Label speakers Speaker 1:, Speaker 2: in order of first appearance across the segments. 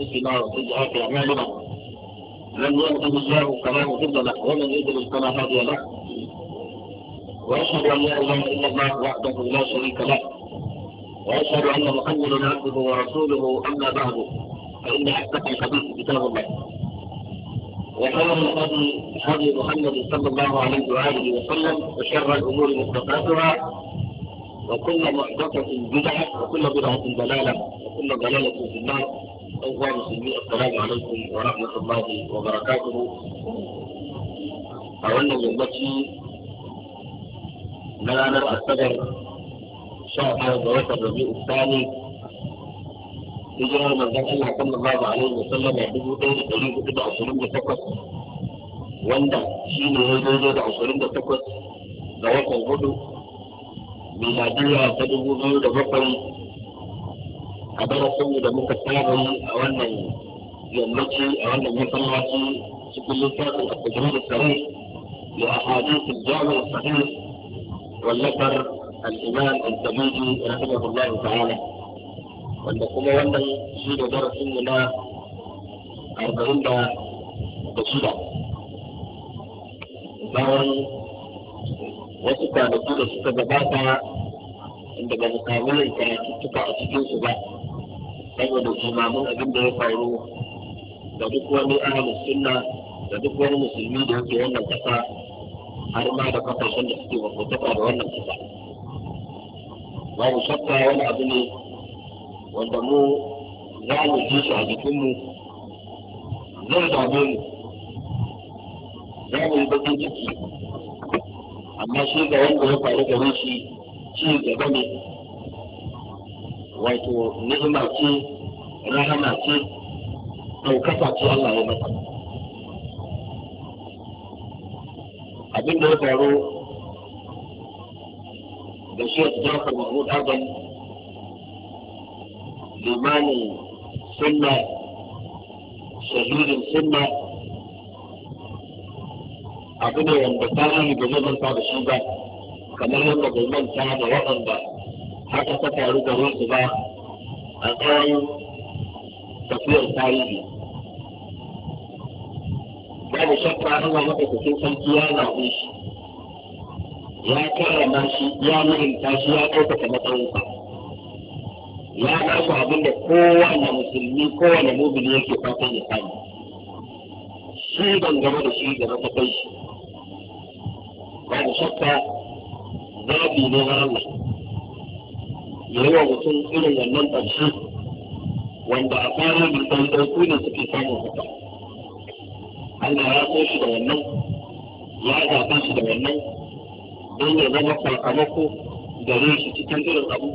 Speaker 1: أنفسنا آخر أعمالنا من يهده الله كلام ضد لك ومن يضلل فلا هادي له وأشهد أن لا إله إلا الله وحده لا شريك له وأشهد أن محمدا عبده ورسوله أما بعد فإن أصدق الحديث كتاب الله وخير الهدي هدي محمد صلى الله عليه وآله وسلم وشر الأمور محدثاتها وكل محدثة بدعة وكل بدعة ضلالة وكل ضلالة في النار أخوة مسلمي السلام عليكم ورحمة الله وبركاته أولا يمتي نرانا السبر شهر دوات الربيع الثاني hijirar manzon Allah sallallahu alaihi wa sallam a dubu ɗaya da ɗari hudu da ashirin da takwas wanda shi ne ya daidai da ashirin da takwas ga watan hudu ta dubu biyu da bakwai a darasin da muka samu a wannan yammaci a wannan masallaci cikin littafin a kujerar sahih da ahadith al-jami' sahih wallafar al-imam al-tabiji rahimahullahu ta'ala wanda kuma wannan shi da darasin mu na arba'in da shida bayan wasu kwanaki da suka gabata inda ba mu samu yin karatuttuka a cikin su ba saboda imamun abin da ya faru da duk wani ahalin sunna da duk wani musulmi da yake wannan kasa har ma da kafashen da suke wakiltaka da wannan kasa babu shakka wani abu ne wanda mu za mu ji shi a jikinmu zai dame mu za mu yi bakin ciki amma shi ga wanda ya faru gare shi ci gaba ne wato ni'ima ce rahama ce ɗaukaka ce Allah ya mata abin da ya faru da shi ya jafar mahmud adam limanin sunna shahirin sunna abu ne wanda tarihi ba zai zanta da shi ba kamar yadda bai manta da waɗanda haka ta faru da su ba a tsawon tafiyar tarihi babu shakka Allah cikin sarki ya zaɓe shi ya ma shi ya mahimta shi ya ɗaukaka matsayinsa ya shi abin da kowane musulmi kowane mubili yake fata ya samu shi dangane da shi da matakai shi babu shakka zaɓi ne na Allah ya yi wa mutum irin wannan ƙarshe wanda a fara mai ɗauku ne suke samun haka Allah ya so shi da wannan ya zaɓe shi da wannan don ya zama sakamako gare shi cikin irin abu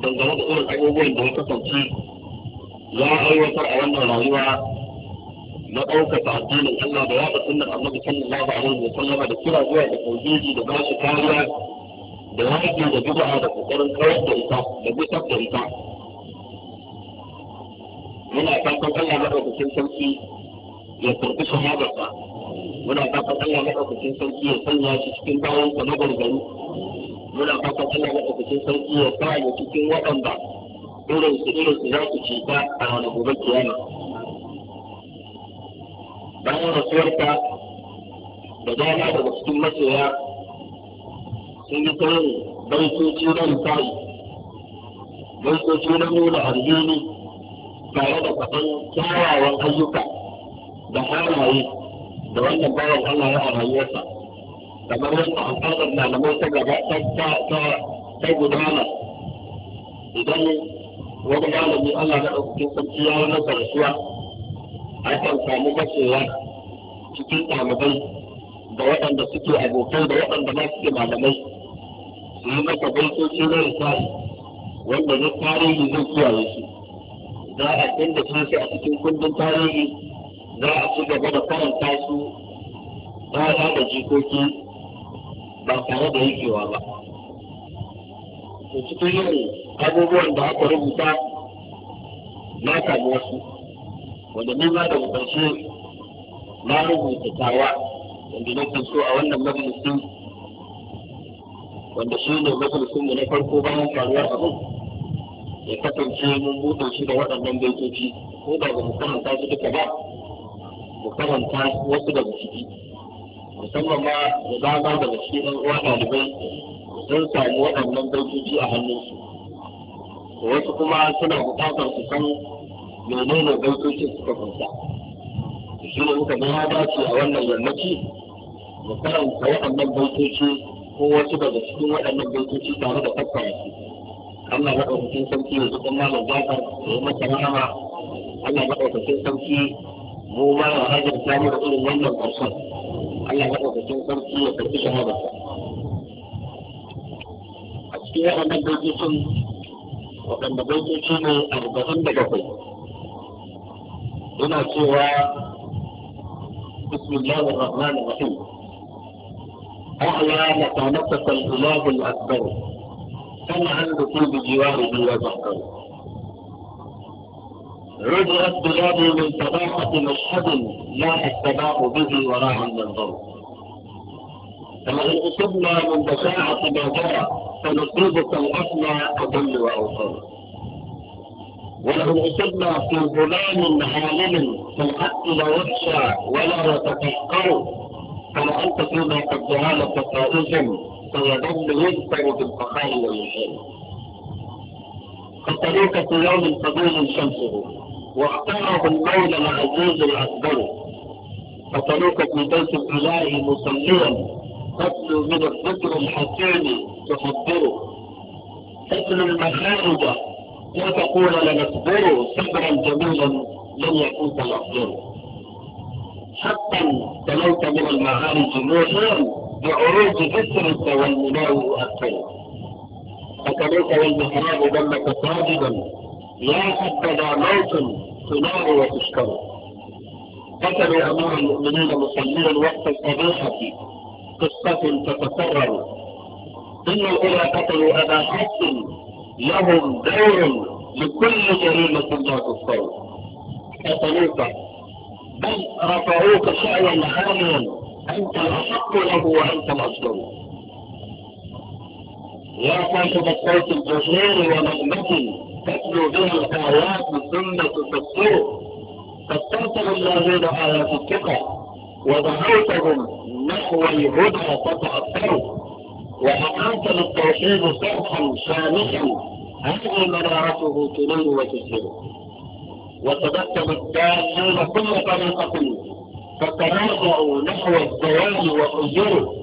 Speaker 1: dangane da irin abubuwan da ya kasance ya aiwatar a wannan rayuwa na ɗaukaka addinin Allah da yaɗa sunnar Annabi sallallahu alaihi wa sallam da kira zuwa da tauhidi da ba shi kariya da ke da bid'a da kokarin kawar da ita da gusar da ita muna fatan Allah madaukakin sarki ya karbi magarsa. muna fatan Allah madaukakin sarki ya sanya shi cikin bayan sa na gargaru muna fatan Allah madaukakin sarki ya sa ya cikin waɗanda irin su irin su za su ci ta a wani gobe kiyama bayan rasuwarta da dama daga cikin masoya sun yi tsaye baitoci na rikai baitoci na nuna arzini tare da kaɗan kyawawan ayyuka da halaye da wannan bawan Allah ya a rayuwarsa kamar yadda al'adar malamai ta gaba ta gudana idan wani malami Allah na ɗaukakin sarki ya yi masa rasuwa akan samu gashewa cikin ɗalibai da waɗanda suke abokai da waɗanda ba suke malamai su yi masa baitoci na risali wanda na tarihi zai kiyaye shi za a canza shi a cikin kundin tarihi za a ci gaba da karanta su baya da jikoki ba tare da yankewa ba to cikin yin abubuwan da aka rubuta na samu wasu wanda da ƙarshe na rubuta tawa wanda nake so a wannan majalisin wanda shi ne majalisinmu na farko bayan faruwar abu ya kasance mun buɗe shi da waɗannan baitoci ko da ba mu karanta su duka ba mu karanta wasu daga ciki musamman ma da dama daga cikin ɗan uwa ɗalibai sun samu waɗannan baitoci a hannunsu wasu kuma suna buƙatar su san menene baitocin suka kunsa shi ne muka ga ya dace a wannan yammaci mu karanta waɗannan baitoci ko wasu daga cikin waɗannan baitoci tare da tattara. su Allah maɗaukakin sarki ya zuƙan malam Jafar da ya masa rahama Allah ɗauka maɗaukakin sarki mu ma ya hajjarta mu da irin wannan ƙarshen Allah ɗauka maɗaukakin sarki ya karɓi shahadarsa a cikin waɗannan baitocin waɗanda baitoci ne arba'in da bakwai yana cewa بسم الله الرحمن الرحيم أعلى مكانتك الإله الأكبر كما أنت بجواره وبحره رجعت بلادي من تباحة مشهد لا التباح به وراء المنظر
Speaker 2: كما إن أصبنا من بشاعة ما جرى فنصيبك الأسنى أضل
Speaker 1: وأوصل ولو أصبنا في ظلام حالم فالحق لا يخشى ولا يتفكر فلا أن تكون قد جهال فقائز فيظل يذكر بالفخار الفقار والإنسان فطريقة يوم قبيل شمسه واختاره المولى العزيز الأكبر فطريقة بيت الإله مصليا تتلو من الذكر الحكيم تحضره تتلو المخارج وتقول لنصبر صبرا جميلا لن يفوت الأفضل حتى تلوت من المعارج نوحا بعروج جسرك والمناء يؤثر فكلوت والمحراب دمك ساجدا يا حبذا موت تنار وتشكر قتل أمير المؤمنين مصليا وقت الصباحة قصة تتكرر إن الأولى قتلوا أبا حسن لهم دور لكل جريمة لا تستوى قتلوك بل رفعوك شأنا عاليا أنت الأحق له وأنت مصدر يا صاحب الصوت الجزير ونغمة تتلو بها الآيات ثم تفسره فاسترسل الذين آيات الثقة ودعوتهم نحو الهدى فتأثروا وحققت التوحيد صرفا شامخا هذه منارته تنم وتسير وتبسم الداخل كل طريقة فتراجعوا نحو الزوال وحجره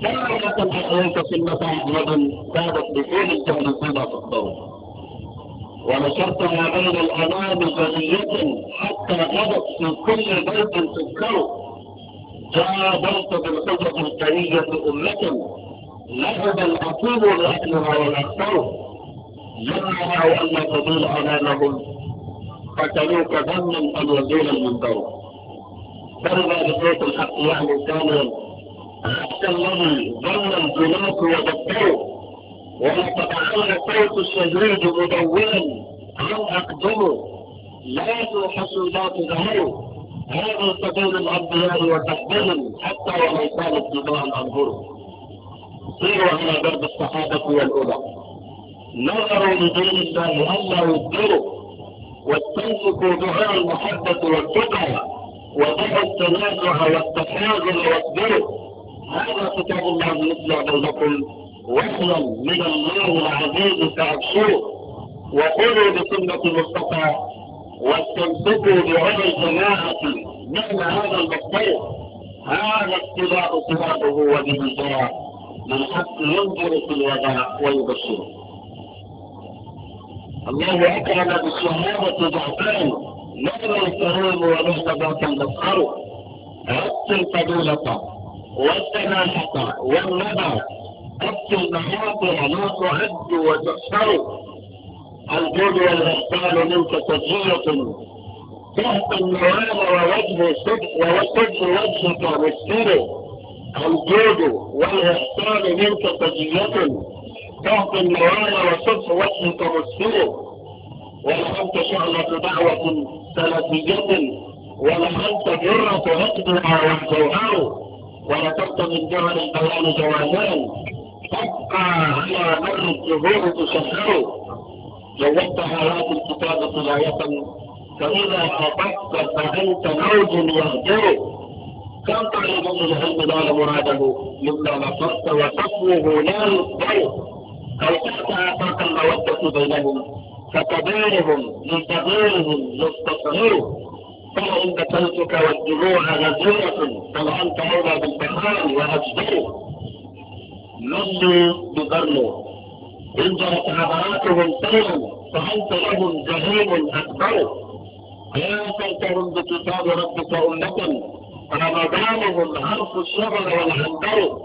Speaker 1: كلمة أحييت في المتاع غدا كادت بكل الجهل فيما ونشرت ما بين الأنام جلية حتى غدت في كل بيت تذكره جادلت بالخبرة الكرية أمة لهب العقول لأهلها والأكثر رأوا أن لا أمامهم قتلوك ذما أن يزول المنبر ترضى بصوت الحق يعني كاملا أنت الذي ظن الجناس وبكروا
Speaker 2: ولتتخلى صوت الشهيد مدونا
Speaker 1: عن أقدمه لازم لا تظهروا هذا سبيل الأنبياء وتحمل حتى ولو كانت دماء أنظروا وقيل من بعض الصحابة والعلماء نظروا لدين الله ألا يدبروا واستمسكوا بها المحبة والتقى ودعوا التنازع والتحاذر واصبروا هذا كتاب الله يتلى بينكم وحيا من الله العزيز فابشروا وخذوا بسنة المصطفى واستمسكوا بها الجماعة مثل هذا المصطفى هذا ابتلاء صلاته وبه جاء من حق ينظر في الوضع ويبصره الله أكرم بالشهادة ضعفان نظر الكريم ولا تباطا بصره أبطل فضيلة والسماحه والندى أبطل محاطر لا تعد وتحصر الجود والغفال منك تجية تحت النوال ووجه صدق ووجه وجهك الجود والإحسان منك تجية تهدي النوايا وجهك تمسيه ولأنت شعلة دعوة سلفية ولأنت جرة هدمها والجوهر ولكنت من جهل البيان جوازان تبقى على مر الزهور تشهر جودت حالات الكتاب تلاية فإذا أطبت فأنت موج يهجر تنقل المؤمن انقضاء مراده مما نقصت وصفوه لا يصدر او تحت افاق الموده بينهم منتظرهم لصغيرهم يستصغر ان قتلتك والدموع غزيرة فلأنت أولى بالبخار وأجدر نصوا بضروا إن جرت عبراتهم سيرا فأنت لهم جهيم أكبر لا تنتهم بكتاب ربك أمة رمضانهم هرف الشغل والعنبر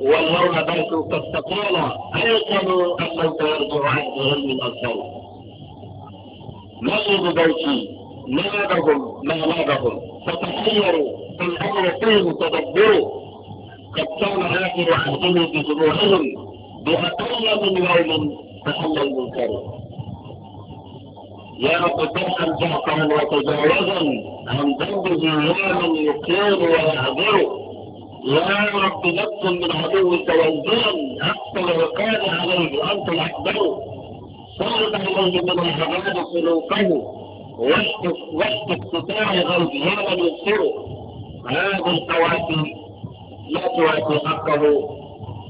Speaker 1: واللون قد تقال ايقنوا انه سيرجع عنه علم الاكبر مشوا ببيتي نادهم ما نادهم فتحيروا في الامر فيه تدبروا قد كان اخر عهدهم بجموعهم باقل من يوم فحل المنكر يقتحم جعفا وتجاوزا عن ذنب ظلام يقيم ويهدر لا رب نفس من عدو توزيعا اكثر وكان عليه انت الاكبر صارت عليه من الحجاب سلوكه وحد استطاع من ينصره هذا التواتي لا تواتي حقه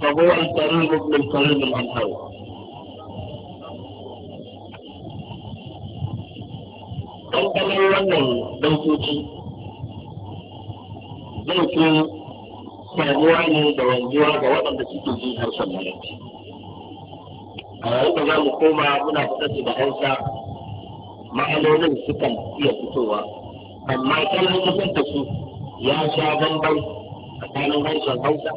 Speaker 1: فهو الكريم ابن الكريم الانهار ɗanɗanon wannan dokoki zai fi samuwa ne da wanzuwa ga waɗanda suke yi harshen malamci. A yau da za mu koma muna fitar da Hausa ma'anonin sukan iya fitowa, amma kalan fitar ta su ya sha bambam tsakanin harshen Hausa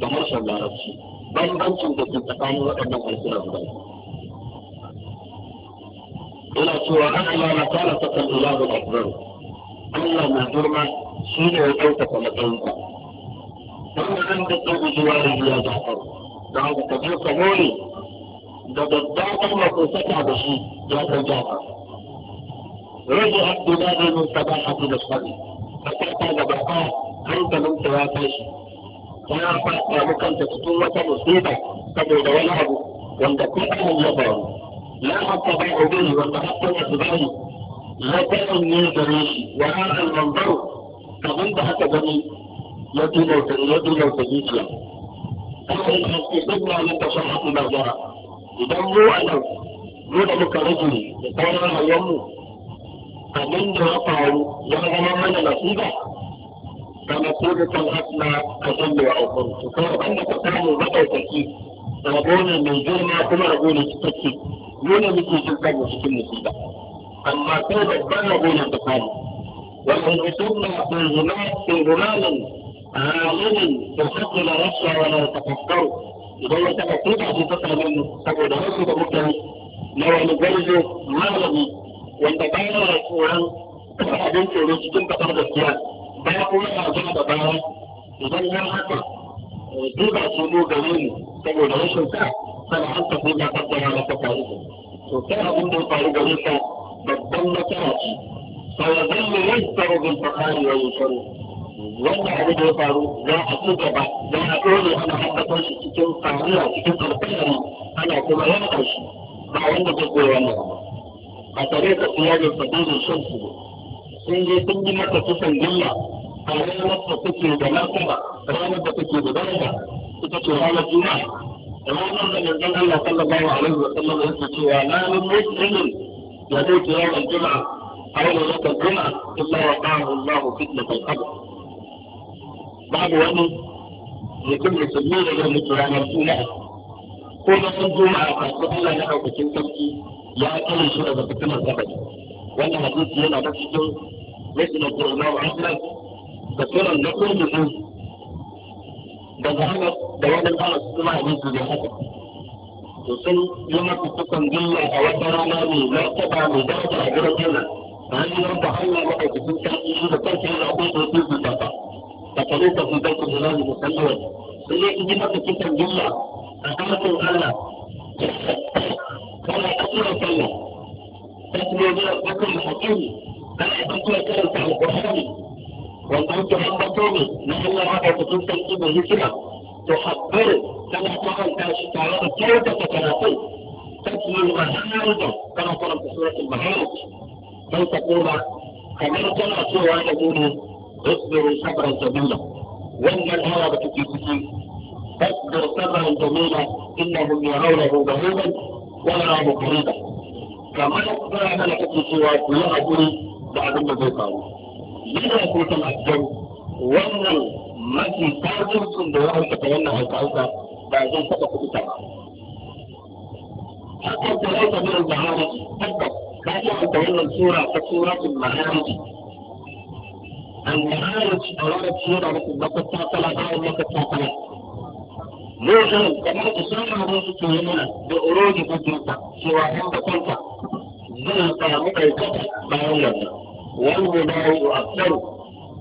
Speaker 1: da harshen Larabci. Bambancin da ke tsakanin waɗannan harsunan guda. muna cewa an Allah na kala ta kan Allah da akbar Allah na girma shi ne ya ɗaukaka matsayinka wanda zan da ɗauki zuwa da biya da faru da haka ka je ka more da daddaɗan makosaka da shi ya kai jafa rage abdu da zai min sabahatu da sabi a kanta da baka hankalinta ya tashi ta faɗa kanta cikin wata musiba saboda wani abu wanda kuma ya faru لا حق بين به وتحقق اتباعه لا تأمن من جميل وهذا المنظر كمن بحث جميل يدل يدل تجيزا أخي حققنا لك صحة مرجعة إذا مو أنا mu da muka rage da sauran rayuwarmu abin da ya faru ya zama mana nasiba kama ko da kan hasna a jalla wa aukar kai abin da ka samu ne mai girma kuma rabo ne cikakke من يكون في مصيبة أما كان الدم دون تقام وإن كتبنا في الغمام في غمام عالم تحق لا يخشى ولا يتفكر إذا كان كتبع في تقام فقد رفض مكان ما هو مجرد معلم وانتقال رسولا أحدين في رسكم تقرد فيها باقوا لها جهد بارك إذا لا حقا كتبع سنوك لهم فقد رفض kan haka ko da ta da maka faru to kana abin da ya faru gare ka babban nasara ce fa ya tsaro da tsari ya yi tsaro wannan abin da ya faru za a ci gaba za a dole ana ko shi cikin faruwa cikin alfahari ana kuma yanka shi ba wanda zai koya wannan a tare da iyalin fadirin shan su sun je sun yi masa kisan gilla
Speaker 2: a ranar da take da martaba ranar da take da daraja ita ce ranar juma'a
Speaker 1: kamar nan da manzon Allah yake cewa la min muslimin yamutu yawm babu wani mutum da ranar juma'a ko na san juma'a ba ko Allah daga wannan hadisi yana da cikin wasu na Imam Ahmad da sunan na kullu daga Anas da wani Anas suna yin su da haka to sun yi masa sukan gilla a wata rana mai martaba mai daraja a gidan Allah ta hanyar da Allah maka cikin sarki shi da kansa yana akwai da su su tafa ta kare ta su da kuma nan musamman sun yi masa sukan gilla a kamatin Allah kana asura sallah tasbiyar da kuma hakimi kana asura karanta alqur'ani وانتم yake ambato ne na Allah madaukakin sarki mai hikima to habbar tana kwatanta shi tare da كما قال في سورة المهارج كي تقول كما كان سوى يقول اصبروا صبرا جميلا وان الهوى بتكيفه فاصبر صبرا جميلا انهم يرونه بعيدا ويراه قريبا كما قال ملكة سوى يقول بعد ما بيقالوا yana kukan asgar wannan mafi kafircin da ya aikata wannan aika-aika ba zai taɓa kuɗi ba. Hakan ta aika birin zamani tabbas ta aikata wannan sura ta suratul ma'arij المعارج أولاد da مكتا ثلاثة ومكتا ثلاثة موجود كما ta موجود هنا بأروج فتنة سواء كنت كنت ذلك مكتا والمضارع أكثر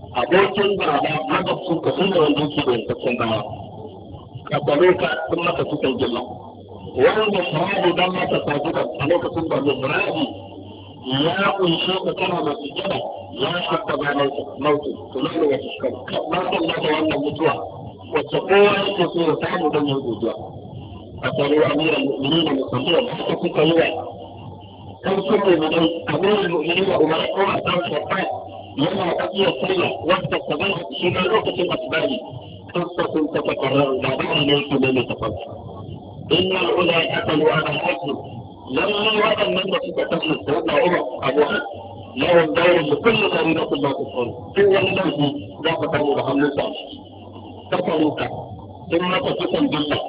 Speaker 1: abokin baba magabcin ka sun da wanda yake da yankaccen baya ka tsaro ka sun maka sukan gilla wanda muradi dan mata sabu da a lokacin da mai muradi ya kunshe ka kana masu ya haɗa ba mautu to nan da wata shikar san maka wannan mutuwa wacce kowa yake so ya samu don yin godiya a tsaro amiran da musamman da aka kuka yi wa sarki mu'minai amirul mu'minin umar ko asan shafa yana tafiyar sallah wanda sabai shi ma lokacin asbani قصة تتكرر بعدها ليس بمتفق إن العلا قتلوا أبا الحكم لما وقع من تتكلم سيدنا عمر أبو له الدور لكل فريضة لا تدخل هو الذي لا تقوم بخمسة تقومك ثم تقسم بالله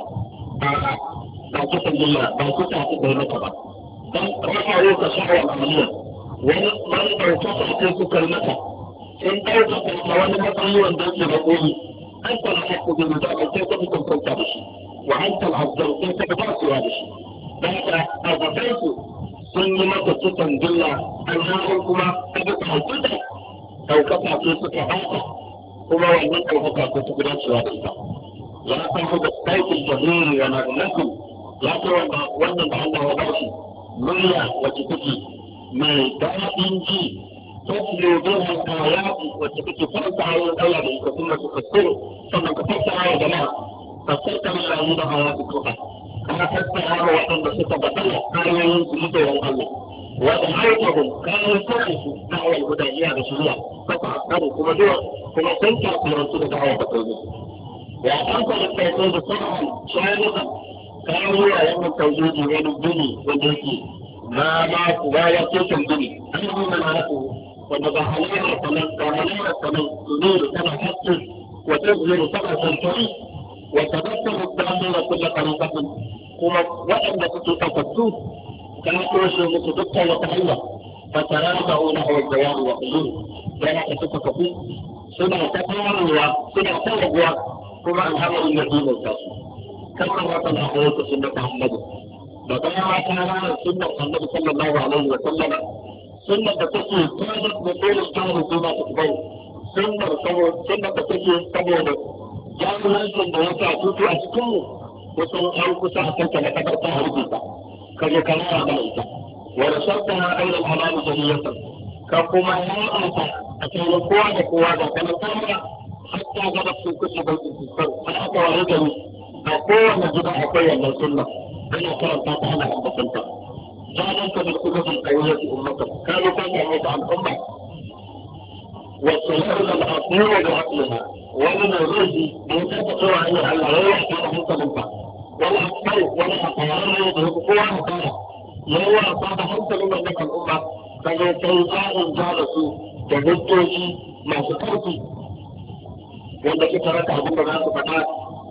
Speaker 1: بعد تقسم بالله بعد تقسم بالله رفعوا فصحوا مأمون ومن ارتفع في كلمته إن أرتفع فوالي مطلوبا بأن بقول أنت الحق بالمدافع كيف تكون كنت بشي وأنت الأفضل كيف تبعث هذا الشيء بعد أضفيت سن متى ستن جلا أنهم كما تبقى الجدع أو كفع في سكة بعضة كما وأنت الحق كنت بنفس هذا الشيء لا تنفذ الصوت الجميل ونغمكم
Speaker 2: لا ترى وأنت عندها وضعشي
Speaker 1: murya wacce take mai daɗin ji tatlo biha ayati wacce take farka ayoyin Allah da ita kuma tafsiru sannan ka fassara wa jama'a fassarta min ayoyi da da ayati kuka kana fassara wa waɗanda suka batala ayoyin su mutayen Allah wa da aikahum kayan sakin su na ayar hudaniya da shirya kasa asaru kuma zuwa kuma sun kafirantu da da'awar da kai ne ya an kwalifaito da sauran shayar kawo yayin tauhidi wani gini wanda yake Na ba ku ba ya ce kan gini an yi mana halaku wanda ba halayyar sanan ba halayyar sanan zuru tana hakki wa tazuru tana santari wa tabattu damira kullu tariqatin kuma waɗanda suke takattu kan toshe musu dukkan wata hanya فتراجعوا له الجواب وحلوله كان كتبك فيه سنة kuma an تلقى كما أنهم الذين الكافرون kalmar wata na koyar da sunnar annabi da kuma ta ranar sunnar annabi sallallahu alaihi wa sallam Sunan da take tsarin da dole ta rubu ba ta bai sunnar saboda sunnar da take saboda jami'ancin da ya sa tutu a cikin mu kusan an kusa a kanta na kadar ta harbe ta kaje kana da mana ita wa rasulta na ayyul halal jannatan ka kuma ya alfa a cikin kowa da kowa da kana ta hatta ga da su kusa bai su sai aka ware gari ga kowane gida akwai wannan sunna yana karanta ta ana ambata zalan ka da kuma ban ayyuka ummata ka mu kan yi ta al'umma
Speaker 2: wa sallallahu alaihi wa da aslama wani na zai da ya taɓa ne Allah ya yi ta hankalin
Speaker 1: ba wani akwai wani akwai ne da kowa ne kana yawa ta da hankalin wannan al'umma daga kai za'in da su da hujjoji masu ƙarfi wanda suka raka abin da za su faɗa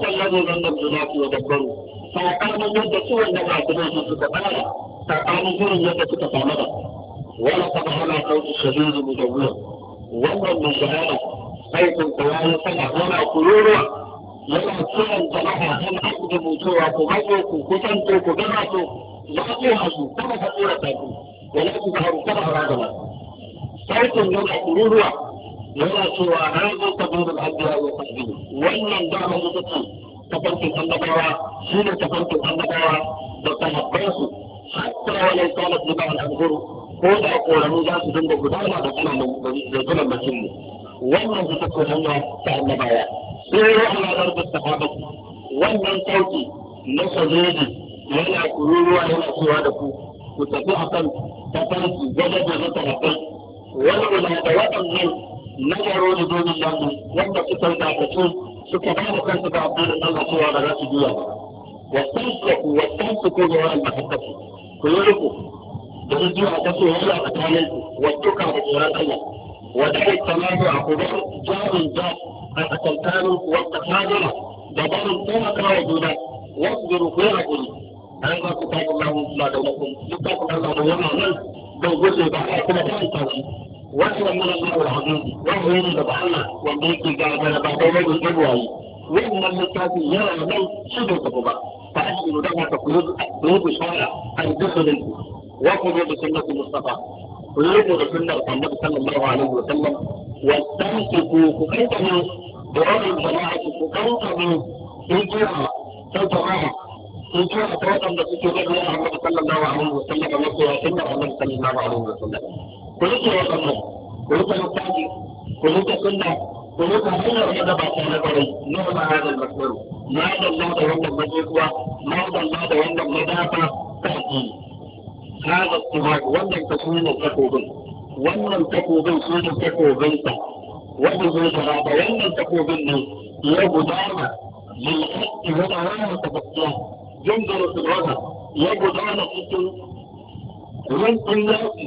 Speaker 1: والذي لم يبلغ يدبره فقالوا يد سوى الذي اعتناه في تقالا فقالوا زور يد تتفاهمها ولقد على صوت الشهيد مجوز ومن من شهاده حيث القوانين سمع وما قلوبها yana kiranta maka an asibitin mutuwa ku matso ku kusanto ku gama so Ya ce hasu kada ka tsora tafi wala ku karu kada a ragama yana kururuwa yana cewa har zai sabon da abuwa ya sabi wannan dama ita ce tafarkin annabawa shi ne tafarkin annabawa da sahabbansu hatta wani salat ne ba al'adur ko da koranu za su dinga gudana da kuma sunan mutum ne wannan ita ce hanya ta annabawa sai ya aladar da sahabbai wannan sauki na sazoji yana kururuwa yana cewa da ku ku tafi akan tafarki gwada da na sahabbai wani da waɗannan nazaro da dole lamu wanda suka yi dakatu suka ba da kansu ga addinin Allah cewa ba za su juya ba wa tansaku wa tansaku ga wa'al mahabbati ku yi riko da zuwa ta so Allah a tsanin wa tuka da tsoron Allah wa da kai tsamani a kuma jarin da a tsakankanin wata tsakanina da barin taimakawa juna wasu da rukuyi a guri an za ku tafi lamun suna da wakon duk tafi Allah da wannan nan don gushe ba a kuma ta yi wasu wannan Allah wa hadu wasu yana daga Allah wanda yake ga da ba komai da jirwaye wannan littafi yana nan shi da gaba ba fa ashiru da haka ku yi bishara an dukkanin ku wa ku yi da sunnatu mustafa ku yi da sunnar annabi sallallahu alaihi wa sallam wa tanku ku kankana da wannan jama'a ku kankana hijira ta jama'a hijira ta wadanda suke ganin annabi sallallahu alaihi wa sallam da masoya sunnar annabi sallallahu alaihi wa sallam ku rike wa kanku ku rike littafi ku rike sunna ku rike hanyar da ba ta na gari na ma hadal masdaru ma dalla da wannan mazuwa ma dalla da wannan madafa ta ji hada tsubar wannan takuna takobin wannan takobin su ne takobin sa wannan zai da wannan takobin ne ya gudana lil haqqi wa da'awata tafakkiyah jindaru tsubar ya gudana cikin ruwan yaƙi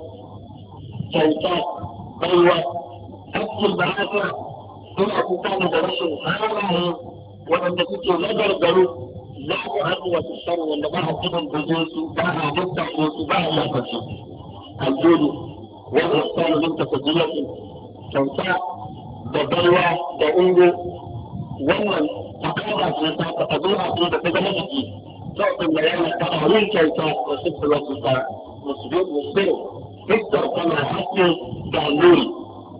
Speaker 1: شركات قوة حتى المعرفة هنا تتعلم دراسة هذا وأنت كنت نظر ضروري لا أقوى في الشر ولا بعض كده بجوزه بعض يفتح جوزه بعض لا تجوزه الجوز والإحسان من تفضيلاته كوسع بدلوة بأنجو wannan takaba ce ta ta tabi'a ce da ta zama jiki to kun da yana ta hawin kyauta da su da su ta musu musu لسه قدامنا حتى تعليم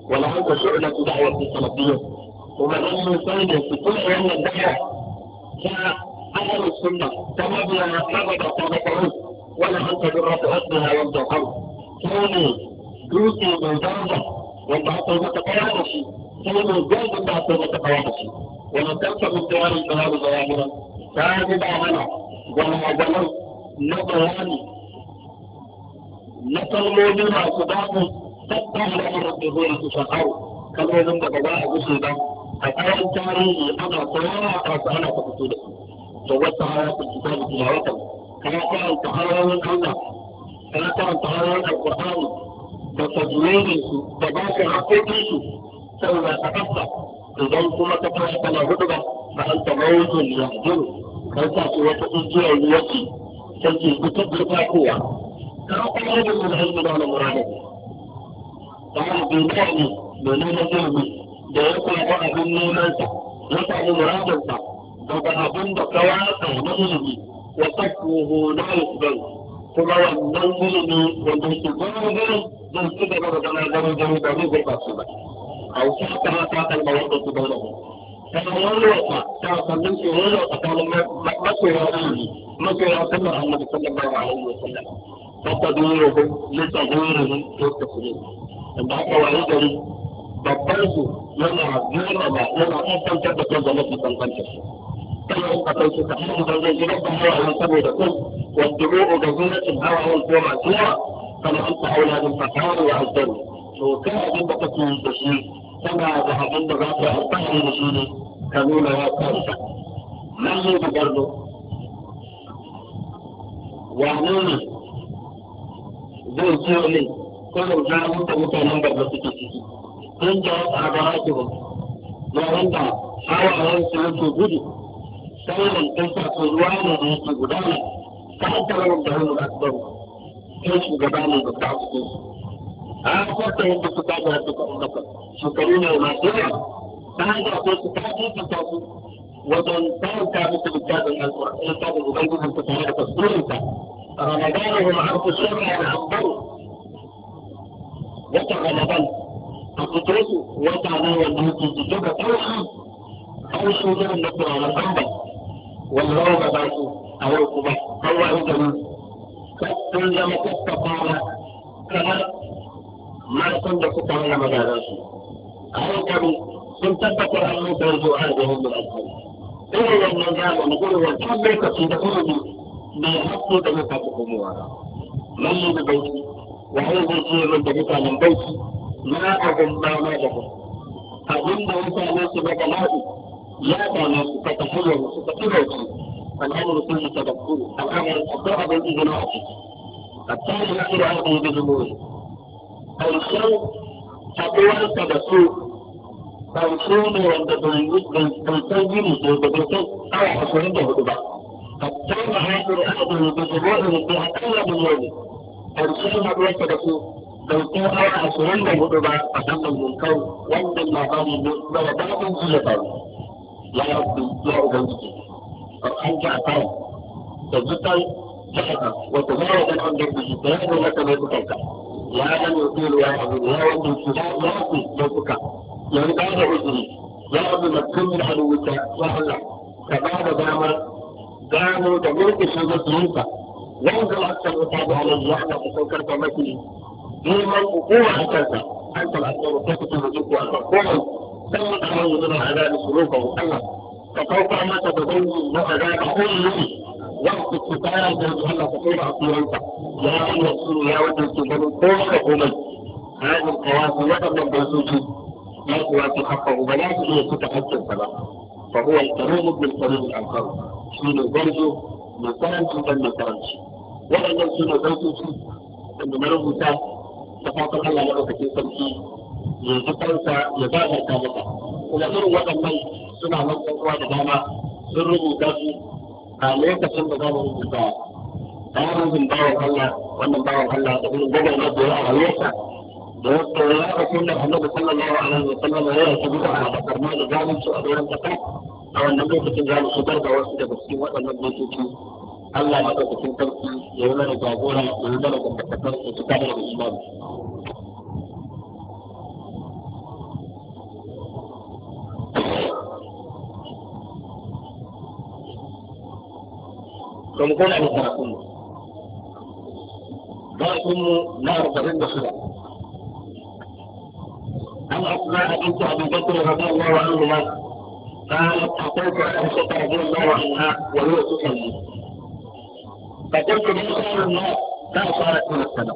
Speaker 1: ولا حتى شعلة دعوة السلفية وما لم مسلم في كل ايام الدعوة فأهل السنة كما تمامنا نقبل طلبهم ولا حتى جرة أدنها والجهر كانوا جوتي من درجة والبعض المتقوى كانوا جلد بعض المتقوى ومن تنسب الدوار البلاد ظواهرا فهذه بعضنا ولا عدم نظران na kalmomi masu daɗi sabta da rabbi hura su shakau kalmomin da ba a gushe ba a kayan tarihi ana kowa a su ana ta da su to wata haya ta kita da tilawatan kana karanta hanyoyin Allah kana karanta hanyoyin alƙur'ani da tajwirin su da bakin haƙoƙin su saboda ta ƙasa idan kuma ta tashi tana hudu ba ba an ta mawuzo ne yanzu kan sa su wata yi ruwa sai ke fitar da kowa يقبل العلم على مراده وعن بنائه بنائه يومي da ya kunko abin nemansa ya samu muradinsa daga abin da kawarsa na ilimi wa takkuhu na isban kuma wannan ilimi wanda yake gani zai ci gaba da zama gani gani da zai gaba su ba a wasu haka ma ta kalma wanda su bai da mu kamar warwata ta sannan su warwata tsakanin masoya ilimi masoya sallar annabi sallallahu alaihi wa sallam وتدويرهم لتغييرهم في التقليد ان haka wani gari babban su yana girmama yana kankantar da kan zama su kankantar kada in ka kai su ka hanyar da zai shiga kan hawa saboda kun wanda ro'o ga gwamnatin hawa ko masu yawa kama an ta haula min fasahar wa azzaru to kai abin da kake yi da shi kana da abin da za ka yi alfahari da shi ne ka nuna ya kansa nan ne da gardo wane ne zai ciyo ne kada za a wuce mutanen da ba suke ciki sun da a ba haki ba na wanda hawayen su yake gudu sauran ɗan sako ruwa ne da yake gudana ta hantar wanda hannu da asibar kai shugaba ne da ta su a kwata yadda su ta da su kan maka shekaru ne masu yawa ta hantar ko su ta ɗin ta su wajen ta hantar musu littafin al'ura ta da ubangijin su tare da fasurinta رمضانهم عن فسوقهم عن الضوء يتغلبن فتدرسوا وتعناول أن تنتجوك طوعا أو شوزان لكم على الغنبة والروم باسوا أو كبا أو عندما كلما تتقال كما ما كنت تتعلم مجالاتي أو كبير كنت تتعلم ترجو هذه من الأسفل إيه النظام نقول والحب لك mai haƙƙi da ya sake komowa ba lalle da baiti wa har zai iya min da mutanen baiti na abin mana da ku abin da ya same su na bala'i ya same su ta tahiyar su ta kirauci al'amur sun yi tabakkuru al'amur akwai abin izina a ciki a tsarin kira a ɗaya da da su ne wanda da awa hudu ba حتى هذا الأمر بالروح بأقل من يوم أرسل حضرتك بسيط bai kai har ashirin da hudu ba a saman munkar wannan labari ne mara daɗin ji ya faru ya rabbi ya ubangiji fa an ja ta da zutar jahaka wata zara da an gaji shi da ya zo maka ne suka ka ya zan yi tsoro ya abu ya wanda su ya yafi da suka ya riga da uzuri da ya ka da damar gano da murkushe zuciyarsa yanzu a cikin wuta da halin ya ana da mafi neman hukuma a kansa an tala a cikin wuta cikin zuciya ta kan ta dan wata man yanzu na azabi su roƙa wa Allah ka kauka mata da dangi na ko yi wanda ke bayar da Allah ta kai da asirinsa ya Allah shi ne ya wanda ke ganin komai da komai هذه القواسم وقد لم يزوجوا ba توافي حقه ولا تجوز تحكم سبب فهو القرون من قرون الآخر سنة برضو مكان في بن مكان وأنا سنة برضو أن مرة تا تفاقم الله لك في سمسي يزقنسا يباها كامتا وغير وأنا سنة من سنة داما سنرمو داسي عليك سنة داما رمو داما bawan Allah wannan bawan Allah da kuma gwada na da a halayyarsa والطلاب سنة النبي صلى الله عليه وسلم وهي تدل على فرمان ذلك سؤال الزكاة أو النبي في ذلك صدر بواسطة بسكين وأن النبي في Allah ya ɗauka sun sarki ya yi mana jagora ya yi mana gambatakar ya ci kare da imani. Kamkon a yi karatun mu. Karatun mu na arba'in da shida. أسماء بنت أبي بكر رضي الله عنهما قالت أتيت عائشة رضي الله عنها وهي تصلي فقلت لرسول الله ما صارت من السنة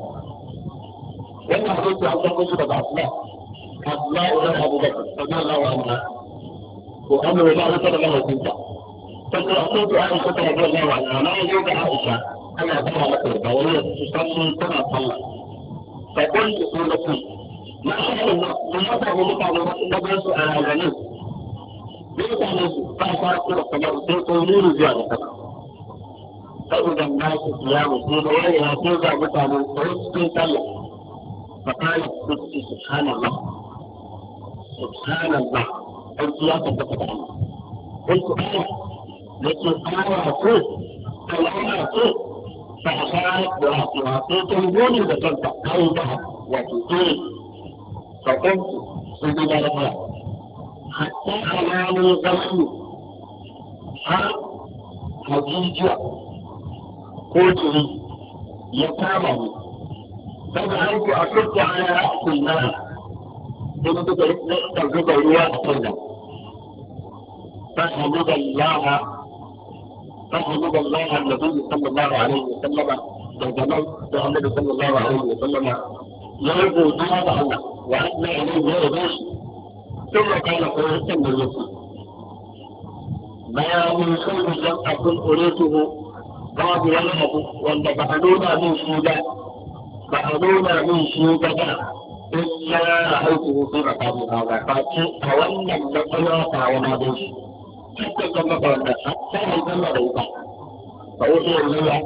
Speaker 1: لما حديث عن قصة أسماء أسماء غير أبو بكر رضي الله عنها وأمر الله رسول الله
Speaker 2: تنفع قلت أتيت عائشة رضي الله عنها ما يجوز عائشة أنا أتى
Speaker 1: لك وهي تصلي كما صلى فقلت سنتي na samu mutane wasu na gansu a ranar ne mutane su ta fasu da kamar sai ko nuna zuwa da kasa saboda na su siya mu sai da wani ya sai ga mutane da wasu sun sallah fakali su ce subhanallah subhanallah an ya tabbata da Allah قلت أنا لكن أنا أقول أنا أقول فأخاف وأعطيتهم دون ذكرت أوضح وتطيل فقمت ببدلها حتى أنامي غفلي هل خديجة قلت لي يتامني فجعلت أصب على رأس الماء إن بدأت نقطة بدأ فحمد الله فحمد الله النبي صلى الله عليه وسلم وجمال النبي صلى الله عليه وسلم يرجو دعاء الله وأدنى إليه غير يباح ثم كان قوة ما من خير لم أكن أريته باب يلعبه ولا بألونا من شيدا بألونا من شيدا إلا رأيته في مقام هذا فاتي أولا لقيا تعالى بيش حتى كما قلنا حتى الجنة بيتا فأوحي إلي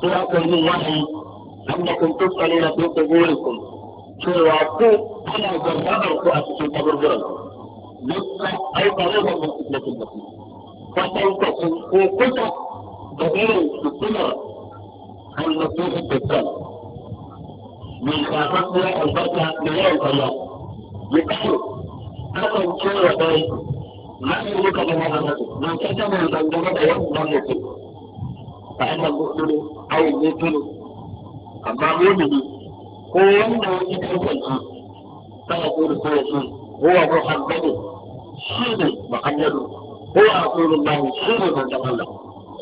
Speaker 1: سورة الوحي أنكم تسألون في قبوركم cewa ko ana zarfanar ko a cikin kaburburan duk ka aikawa da mutum da kwatan ka ko kusa da irin hukumar annabi da kan mai kafin ya albarka da yawan kalla ya kawo akan cewa dai na yi muka da mahammadu na kyanta mai dangane da wannan mutum fa'in da mutum ayin ne tuni amma mumini ko wanda wani mutum ne ta yaqulu ko yace huwa muhammadu shine muhammadu huwa rasulullahi shine manzon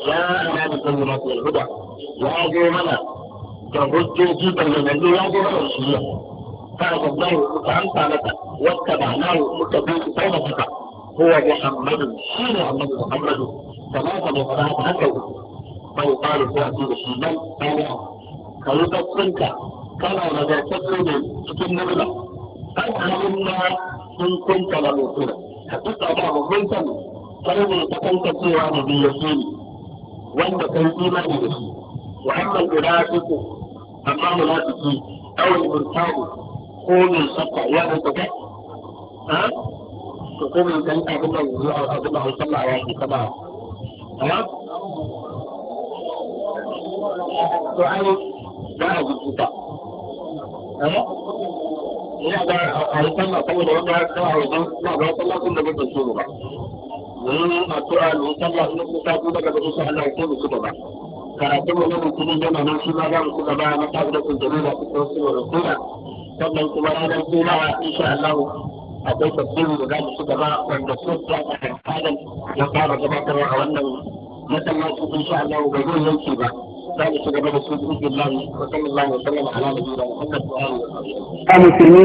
Speaker 1: Allah ya ana da kalmar huda ya zo mana da hujjoji da manzo ya mana shi واتبعناه متبوك صدقك هو محمد حين محمد محمد ثلاثة وثلاثة هكذا فيقال في أسير الشيبان قال كيف كنت kana nagartattu ne cikin murna kan na sun kunta na mutura ka tuka ba babban sani karbe ta kanka cewa da biyu su ne wanda kai imani da shi wa amman munafiqu amma munafiqi aw al ko min shakka ya ta ha to ko min kan abin da zuwa abin da Allah ya yi kama ha to ai ba a ina da alƙalla saboda wata ta alƙalla ina da alƙalla kun da mutum su ba domin addu'a alƙalla ina kuma ta kuma daga su Allah ko su ba karatun mu na da nan shi ma za mu ba na ta da kun da na ku su da kuma sannan kuma ranar juma'a insha Allah akwai tafsirin da za mu gaba wanda su ta kadan ya fara gabatarwa a wannan masallacin insha Allah ba zai yanke ba za mu